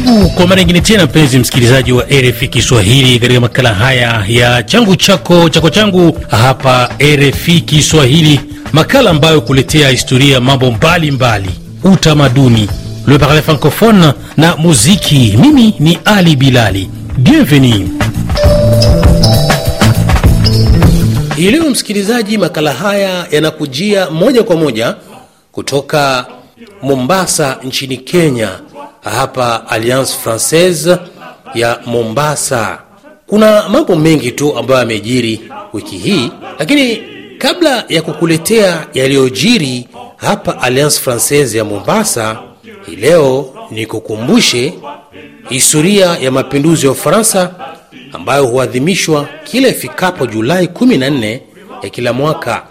Karibu kwa mara nyingine tena mpenzi msikilizaji wa RFI Kiswahili katika makala haya ya changu chako chako changu hapa RFI Kiswahili, makala ambayo kuletea historia mambo mbalimbali, utamaduni, le parler francophone na muziki. Mimi ni Ali Bilali, bienvenue. Hii msikilizaji, makala haya yanakujia moja kwa moja kutoka Mombasa nchini Kenya hapa Alliance Francaise ya Mombasa. Kuna mambo mengi tu ambayo yamejiri wiki hii, lakini kabla ya kukuletea yaliyojiri hapa Alliance Francaise ya Mombasa hii leo, nikukumbushe historia ya mapinduzi ya Ufaransa ambayo huadhimishwa kila ifikapo Julai 14 ya kila mwaka.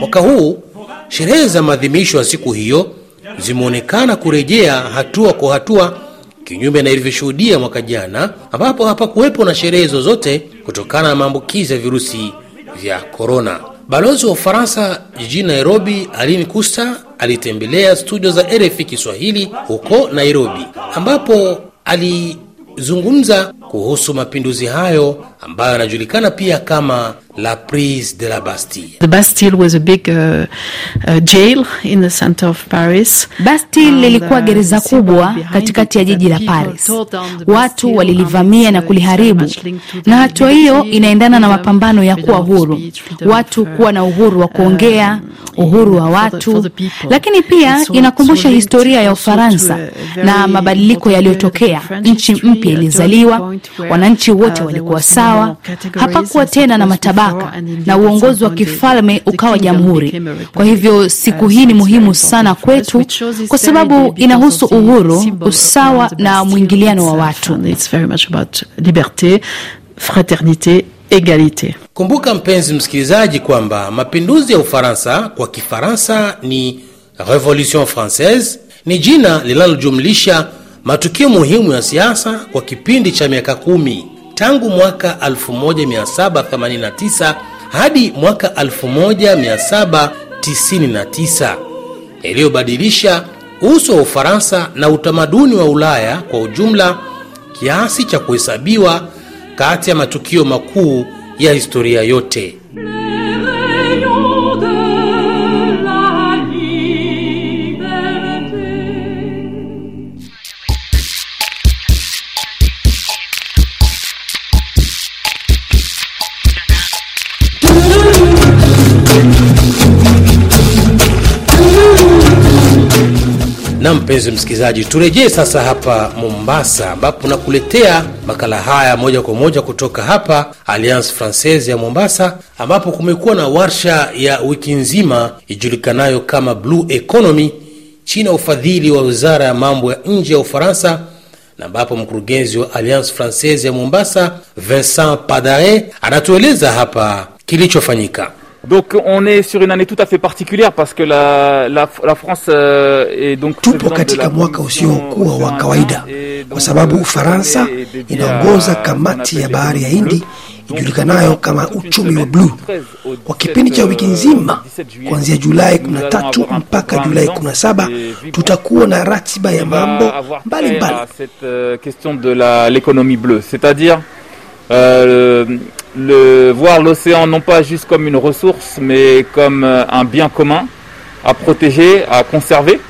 Mwaka huu sherehe za maadhimisho ya siku hiyo zimeonekana kurejea hatua kwa hatua, kinyume na ilivyoshuhudia mwaka jana, ambapo hapakuwepo na sherehe zozote kutokana na maambukizi ya virusi vya korona. Balozi wa Ufaransa jijini Nairobi, alin Kusta, alitembelea studio za rf Kiswahili huko Nairobi, ambapo alizungumza kuhusu mapinduzi hayo ambayo yanajulikana pia kama la prise de la Bastille. The Bastille was a big uh, uh, jail in the center of Paris. Bastille lilikuwa uh, gereza kubwa katikati ya jiji la Paris. Watu walilivamia na kuliharibu, na hatua hiyo inaendana na mapambano ya kuwa huru, watu uh, kuwa na uhuru wa kuongea, um, uhuru wa watu, lakini pia inakumbusha historia ya Ufaransa na mabadiliko yaliyotokea. Nchi mpya ilizaliwa Wananchi wote uh, walikuwa sawa, hapakuwa tena na matabaka, na uongozi wa kifalme ukawa jamhuri. Kwa hivyo siku uh, hii ni muhimu sana kwetu, kwa sababu inahusu uhuru, usawa na mwingiliano wa watu. Kumbuka mpenzi msikilizaji, kwamba mapinduzi ya Ufaransa kwa Kifaransa ni Revolution Francaise, ni jina linalojumlisha Matukio muhimu ya siasa kwa kipindi cha miaka kumi tangu mwaka 1789 hadi mwaka 1799 yaliyobadilisha uso wa Ufaransa na utamaduni wa Ulaya kwa ujumla kiasi cha kuhesabiwa kati ya matukio makuu ya historia yote. Na mpenzi msikilizaji, turejee sasa hapa Mombasa, ambapo nakuletea makala haya moja kwa moja kutoka hapa Alliance Francaise ya Mombasa, ambapo kumekuwa na warsha ya wiki nzima ijulikanayo kama Blue Economy chini ya ufadhili wa wizara ya mambo ya nje ya Ufaransa, na ambapo mkurugenzi wa Alliance Francaise ya Mombasa Vincent Padare anatueleza hapa kilichofanyika. Donc on est sur une année tout à fait particulière parce que la, la, la France euh, est donc tupo katika mwaka usiokuwa wa kawaida kwa sababu euh, Ufaransa inaongoza kamati ya bahari ya Hindi ijulikanayo kama uchumi wa bluu kwa kipindi cha wiki euh, nzima kuanzia Julai 13 mpaka Julai 17 tutakuwa na ratiba ya mambo mbalimbali. Cette euh, question de l'économie bleue, c'est-à-dire le, voir l'océan non pas juste comme une ressource, mais comme euh, un bien commun à protéger, à conserver.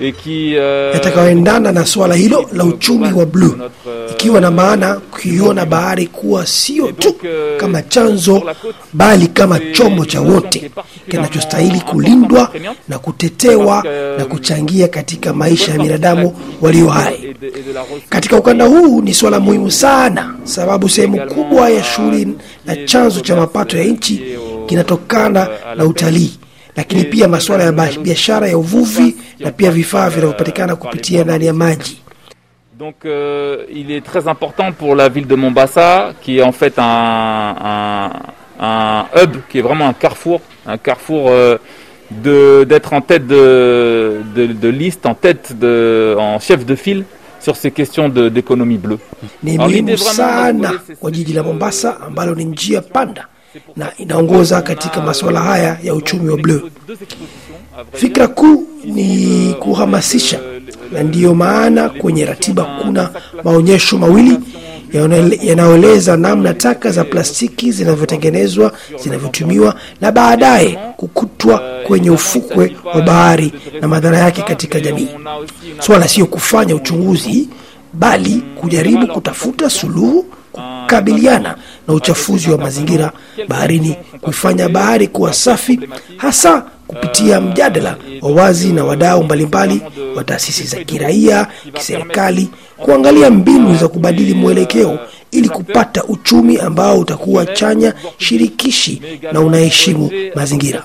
Euh, yatakayoendana na suala hilo la uchumi wa bluu, euh, ikiwa na maana euh, kuiona bahari kuwa sio tu kama chanzo, bali kama chombo cha wote kinachostahili kulindwa na kutetewa na kuchangia katika maisha ya binadamu walio hai. Katika ukanda huu ni suala muhimu sana, sababu sehemu kubwa ya shughuli na chanzo cha mapato ya nchi kinatokana na utalii lakini pia masuala ya biashara ya uvuvi na pia vifaa vinavyopatikana kupitia ndani ya maji. Donc euh, il est très important pour la ville de Mombasa qui est en fait un, un, un hub qui est vraiment un carrefour, un carrefour euh, de d'être en tête de, de, de, liste, en tête de en chef de file sur ces questions d'économie bleue. Ni muhimu sana kwa jiji la Mombasa ambalo ni njia panda na inaongoza katika masuala haya ya uchumi wa bluu. Fikra kuu ni kuhamasisha, na ndiyo maana kwenye ratiba kuna maonyesho mawili yanayoeleza namna taka za plastiki zinavyotengenezwa, zinavyotumiwa na baadaye kukutwa kwenye ufukwe wa bahari na madhara yake katika jamii. Swala sio kufanya uchunguzi, bali kujaribu kutafuta suluhu kukabiliana na uchafuzi wa mazingira baharini, kuifanya bahari kuwa safi, hasa kupitia mjadala wa wazi na wadau mbalimbali wa taasisi za kiraia, kiserikali, kuangalia mbinu za kubadili mwelekeo ili kupata uchumi ambao utakuwa chanya, shirikishi na unaheshimu mazingira.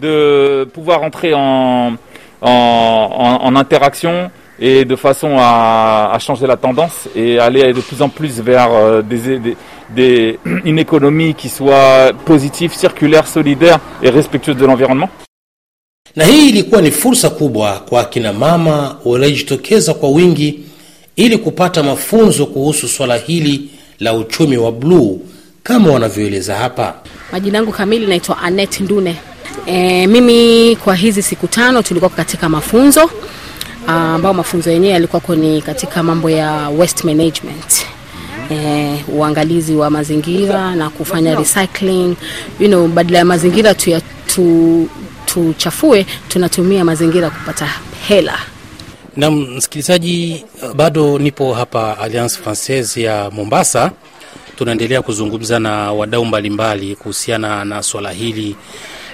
de pouvoir entrer en, en, en, interaction et de façon à, à, changer la tendance et aller de plus en plus vers euh, des, des, des, une économie qui soit positive, circulaire, solidaire et respectueuse de l'environnement. Na hii ilikuwa ni fursa kubwa kwa kina mama waliojitokeza kwa wingi ili kupata mafunzo kuhusu swala hili la uchumi wa bluu kama wanavyoeleza hapa. Majina yangu kamili naitwa Annette Ndune. E, mimi kwa hizi siku tano tulikuwa katika mafunzo ambao mafunzo yenyewe yalikuwa ni katika mambo ya waste management eh, uangalizi wa mazingira na kufanya recycling you know, badala ya mazingira tu tu, tunatumia mazingira kupata hela. Na msikilizaji, bado nipo hapa Alliance Francaise ya Mombasa, tunaendelea kuzungumza na wadau mbalimbali kuhusiana na swala hili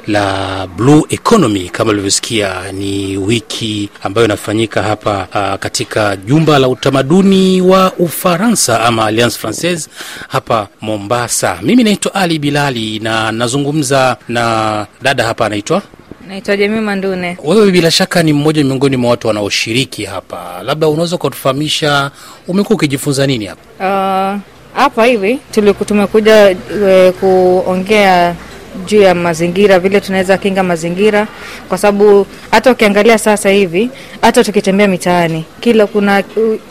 la Blue Economy kama ulivyosikia, ni wiki ambayo inafanyika hapa uh, katika jumba la utamaduni wa Ufaransa ama Alliance Francaise hapa Mombasa. Mimi naitwa Ali Bilali na nazungumza na dada hapa anaitwa Naitwa Jamii Mandune. Wewe bila shaka ni mmoja miongoni mwa watu wanaoshiriki hapa, labda unaweza ukatufahamisha umekuwa ukijifunza nini hapa? Uh, hapa hivi tumekuja eh, kuongea juu ya mazingira, vile tunaweza kinga mazingira, kwa sababu hata ukiangalia sasa hivi, hata tukitembea mitaani, kila kuna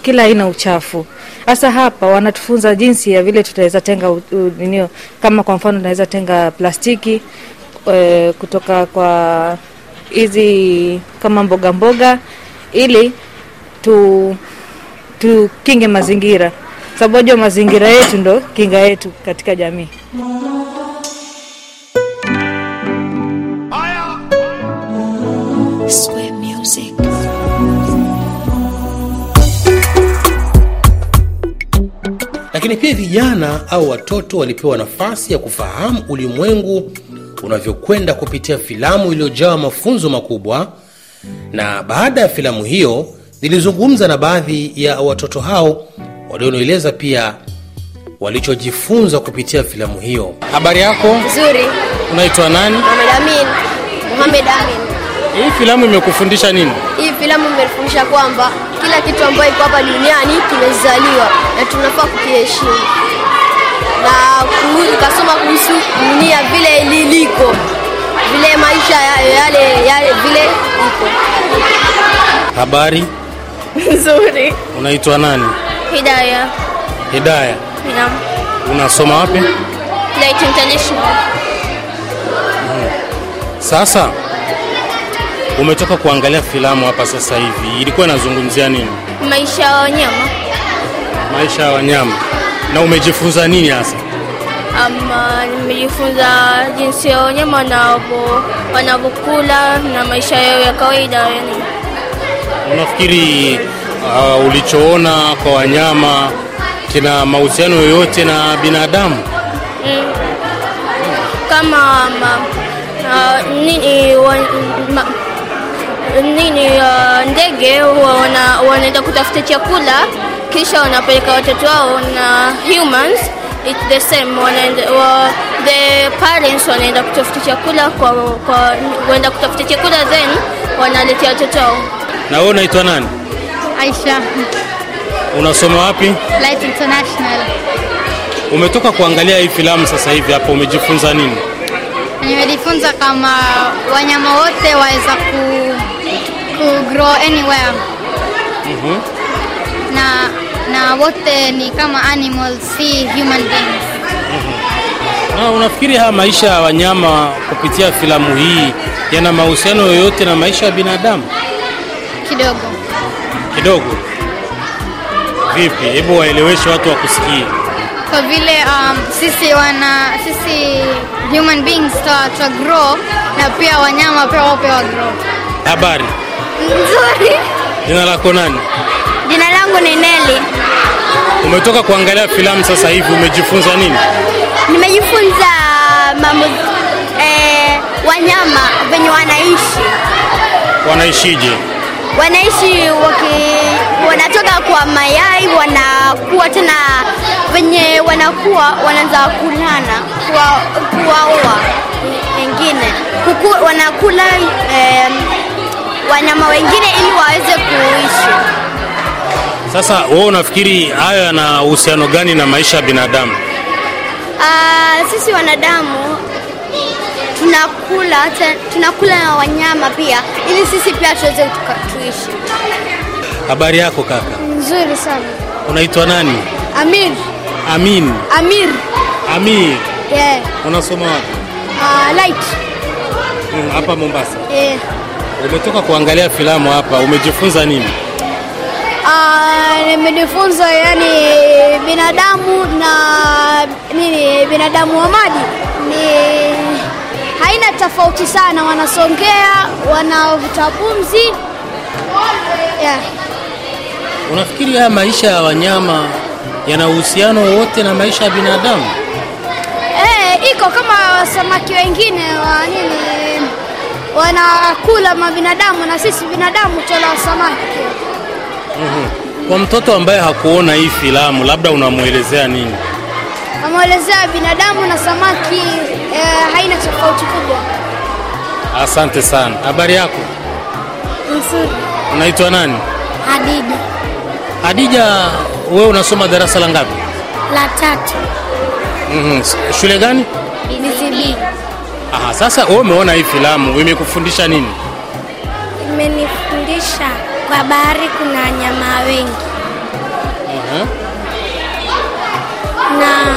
kila aina uchafu. Hasa hapa wanatufunza jinsi ya vile tutaweza tenga ninio, kama kwa mfano tunaweza tenga plastiki e, kutoka kwa hizi kama mboga mboga, ili tu tukinge mazingira, sababu mazingira yetu ndo kinga yetu katika jamii. lakini pia vijana au watoto walipewa nafasi ya kufahamu ulimwengu unavyokwenda kupitia filamu iliyojawa mafunzo makubwa. Na baada ya filamu hiyo, nilizungumza na baadhi ya watoto hao walionoeleza pia walichojifunza kupitia filamu hiyo. Habari yako? Nzuri. Unaitwa nani? Mohamed Amin. Amin. Hii filamu imekufundisha nini? Hii filamu imefundisha kwamba kila kitu ambacho iko hapa duniani kimezaliwa na tunafaa kukiheshimu na ukasoma kuhusu dunia vile liliko vile maisha yale yale vile iko. Habari nzuri. Unaitwa nani? Hidaya. Hidaya. Naam. Unasoma wapi? Light International. Sasa Umetoka kuangalia filamu hapa sasa hivi, ilikuwa inazungumzia nini? Maisha ya wanyama. Maisha ya wanyama. Na umejifunza nini hasa? Ama um, nimejifunza jinsi ya wanyama wanavyo wanavyokula na maisha yao ya kawaida. Yani, unafikiri uh, ulichoona kwa wanyama kina mahusiano yoyote na binadamu? Mm. Kama ma, um, uh, nini wa, ma, nini uh, ndege wana, wanaenda kutafuta chakula kisha wanapeleka watoto wao na humans it's the same wanaenda, wa, the parents wanaenda kutafuta chakula kwa, kwa wanaenda kutafuta chakula then wanaletea watoto wao. Na wewe unaitwa nani? Aisha. Unasoma wapi? Light International. Umetoka kuangalia hii filamu sasa hivi hapa, umejifunza nini? Nimejifunza kama wanyama wote waweza ku to grow anywhere mm -hmm. na na wote ni kama animals, si human beings mm -hmm. Na unafikiri haya maisha ya wanyama kupitia filamu hii yana mahusiano yoyote na maisha ya binadamu? Kidogo kidogo. Vipi? Hebu waeleweshe watu wakusikie. Kwa vile um, sisi wana sisi human beings ta, ta grow na pia wanyama pia wape wa grow. Habari mzuri Jina lako nani? Jina langu ni Neli. Umetoka kuangalia filamu sasa hivi umejifunza nini? Nimejifunza mambo eh, wanyama venye wanaishi. Wanaishije? Wanaishi waki, wanatoka kwa mayai wanakuwa tena venye wanakuwa wanaanza kulana kuwaoa wengine kuku, wanakula eh, wanyama wengine ili waweze kuishi. Sasa wewe unafikiri hayo yana uhusiano gani na maisha ya binadamu? Uh, sisi wanadamu tunakula tunakula na wanyama pia ili sisi pia tuweze tuishi. Habari yako kaka? Nzuri sana. Unaitwa nani? Amir. Amin. Amir. Amir. Yeah. Unasoma wapi? Uh, light. Mm, hapa Mombasa. Yeah. Umetoka kuangalia filamu hapa, umejifunza nini? Uh, nimejifunza yani binadamu na nini, binadamu wa maji ni haina tofauti sana, wanasongea, wanavuta pumzi yeah. Unafikiri haya maisha ya wanyama yana uhusiano wote na maisha ya binadamu? Eh, iko kama samaki wengine wa nini wanakula mabinadamu na sisi binadamu twala samaki mm Kwa mtoto ambaye hakuona hii filamu, labda unamwelezea nini? Namwelezea binadamu na samaki e, haina tofauti kubwa. Asante sana. Habari yako? Nzuri. Unaitwa nani? Hadija. Hadija, wewe unasoma darasa la ngapi? La tatu. mm -hmm. Shule gani? Aha, sasa wewe umeona hii filamu imekufundisha nini? Imenifundisha kwa bahari kuna nyama wengi. Uh-huh. Na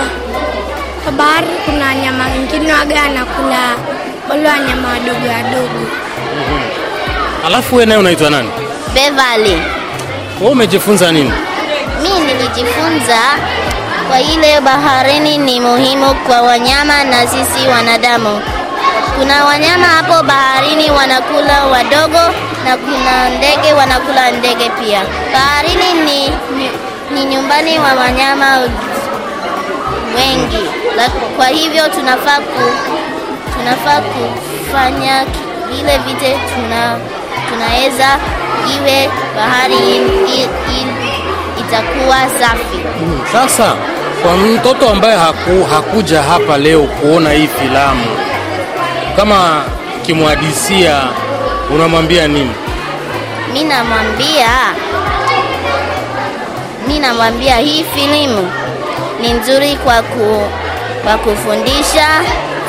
kwa bahari kuna nyama wengine waga anakula wale wanyama wadogo wadogo. Uh-huh. Alafu wewe naye unaitwa nani? Beverly. Wewe umejifunza nini? Mimi nilijifunza kwa ile baharini ni muhimu kwa wanyama na sisi wanadamu. Kuna wanyama hapo baharini wanakula wadogo na kuna ndege wanakula ndege pia. Baharini ni, ni, nyumbani wa wanyama wengi, kwa hivyo tunafaa ku, tunafaa kufanya vile vite tuna, tunaweza iwe bahari in, in, itakuwa safi. Hmm, sasa kwa mtoto ambaye haku, hakuja hapa leo kuona hii filamu kama kimwadisia unamwambia nini? mi namwambia mi namwambia hii filimu ni nzuri kwa, ku, kwa kufundisha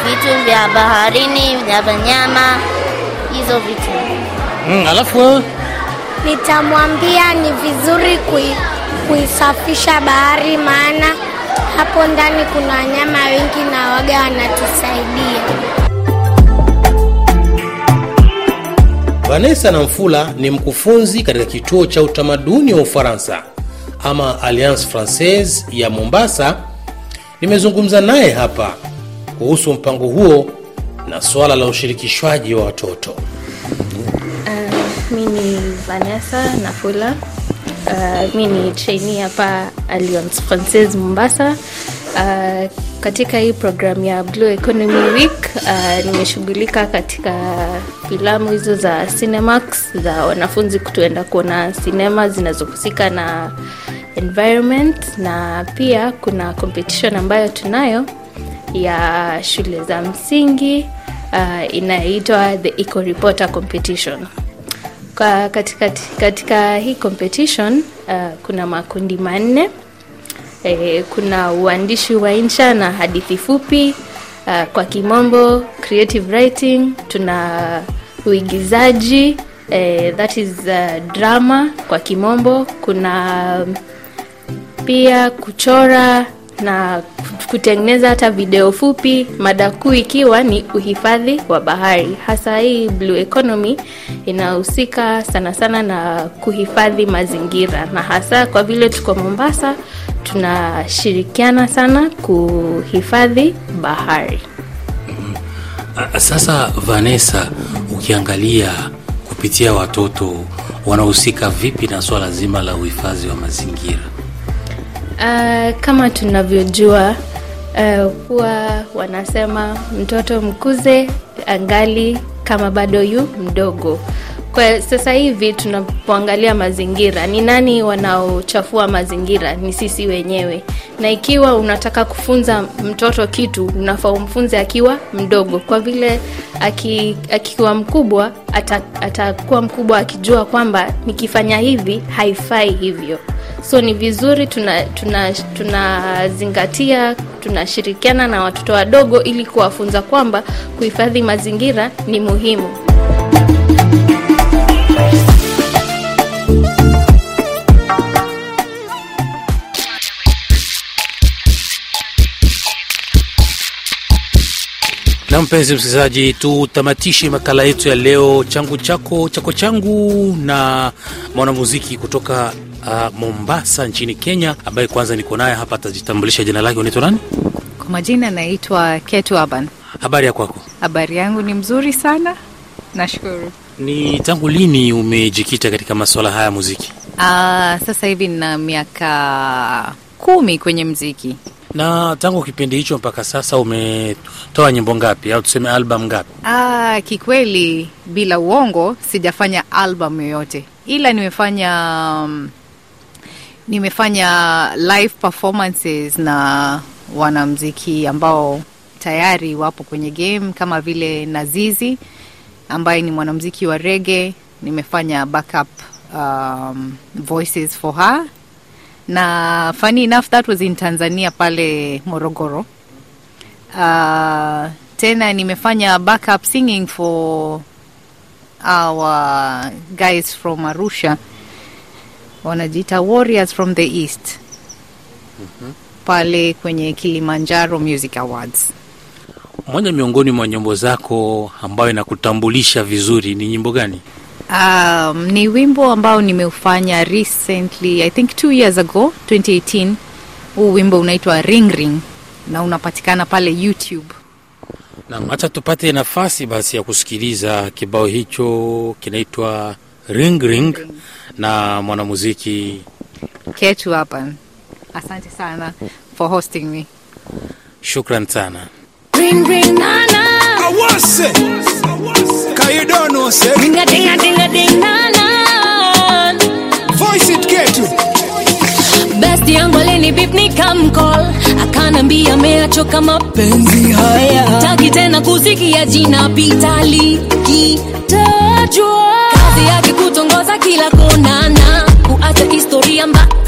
vitu vya baharini vya wanyama hizo vitu. Mm, alafu Nitamwambia ni vizuri kui, kuisafisha bahari maana hapo ndani kuna wanyama wengi na waga wanatusaidia. Vanessa Namfula ni mkufunzi katika kituo cha utamaduni wa Ufaransa ama Alliance Francaise ya Mombasa. Nimezungumza naye hapa kuhusu mpango huo na swala la ushirikishwaji wa watoto. Uh, mi ni Vanessa Nafula. Uh, mi ni trainee hapa Alliance Francaise Mombasa. Uh, katika hii programu ya Blue Economy Week uh, nimeshughulika katika filamu hizo za Cinemax za wanafunzi kutuenda kuona sinema zinazohusika na environment, na pia kuna competition ambayo tunayo ya shule za msingi uh, inayoitwa the Eco Reporter Competition. Kwa katika, katika hii competition uh, kuna makundi manne E, kuna uandishi wa insha na hadithi fupi uh, kwa kimombo creative writing. Tuna uigizaji eh, that is uh, drama kwa kimombo. Kuna pia kuchora na kutengeneza hata video fupi, mada kuu ikiwa ni uhifadhi wa bahari. Hasa hii blue economy inahusika sana sana na kuhifadhi mazingira, na hasa kwa vile tuko Mombasa, tunashirikiana sana kuhifadhi bahari. Sasa Vanessa, ukiangalia kupitia watoto wanahusika vipi na swala zima la uhifadhi wa mazingira? Uh, kama tunavyojua uh, kuwa wanasema mtoto mkuze angali kama bado yu mdogo. Kwa sasa hivi tunapoangalia mazingira, ni nani wanaochafua mazingira? Ni sisi wenyewe. Na ikiwa unataka kufunza mtoto kitu, unafaa umfunze akiwa mdogo, kwa vile aki, akiwa mkubwa atakuwa mkubwa akijua kwamba nikifanya hivi haifai hivyo. So ni vizuri tunazingatia, tuna, tuna tunashirikiana na watoto wadogo ili kuwafunza kwamba kuhifadhi mazingira ni muhimu. mpenzi msikilizaji, tutamatishe makala yetu ya leo, changu chako chako changu, na mwanamuziki kutoka uh, Mombasa nchini Kenya, ambaye kwanza niko naye hapa, atajitambulisha jina lake. Unaitwa nani? Kwa majina naitwa Ketu Aban. Habari ya kwako? Habari yangu ni mzuri sana, nashukuru. Ni tangu lini umejikita katika masuala haya ya muziki? Uh, sasa hivi nina miaka kumi kwenye mziki na tangu kipindi hicho mpaka sasa umetoa nyimbo ngapi au tuseme album ngapi? Ah, kikweli bila uongo sijafanya album yoyote, ila nimefanya um, nimefanya live performances na wanamziki ambao tayari wapo kwenye game kama vile Nazizi ambaye ni mwanamziki wa rege. Nimefanya backup um, voices for her na funny enough that was in Tanzania pale Morogoro. Uh, tena nimefanya backup singing for our guys from Arusha wanajiita Warriors from the East mm-hmm. pale kwenye Kilimanjaro Music Awards. Moja miongoni mwa nyimbo zako ambayo inakutambulisha vizuri ni nyimbo gani? Um, ni wimbo ambao nimeufanya recently I think two years ago 2018. Huu wimbo unaitwa Ring Ring na unapatikana pale YouTube. Naam, acha tupate nafasi basi ya kusikiliza kibao hicho kinaitwa Ring Ring na mwanamuziki Ketu hapa. Asante sana for hosting me. Shukran sana. Ring, ring, na, na awase kaidono besti yangu alinibip nikamkol akanambia meachoka mapenzi haya taki tena kusikia jina pitali kitajwa kazi yake kutongoza kila konana kuacha historia mbaya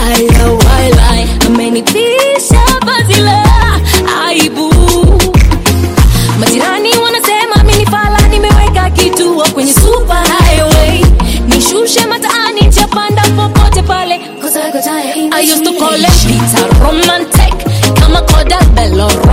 los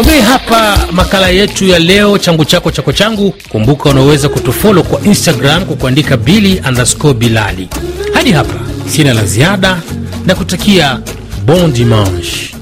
Tukomee hapa makala yetu ya leo, changu chako chako changu. Kumbuka unaweza kutufolo kwa Instagram kwa kuandika bili underscore bilali. Hadi hapa sina la ziada na kutakia bon dimanche.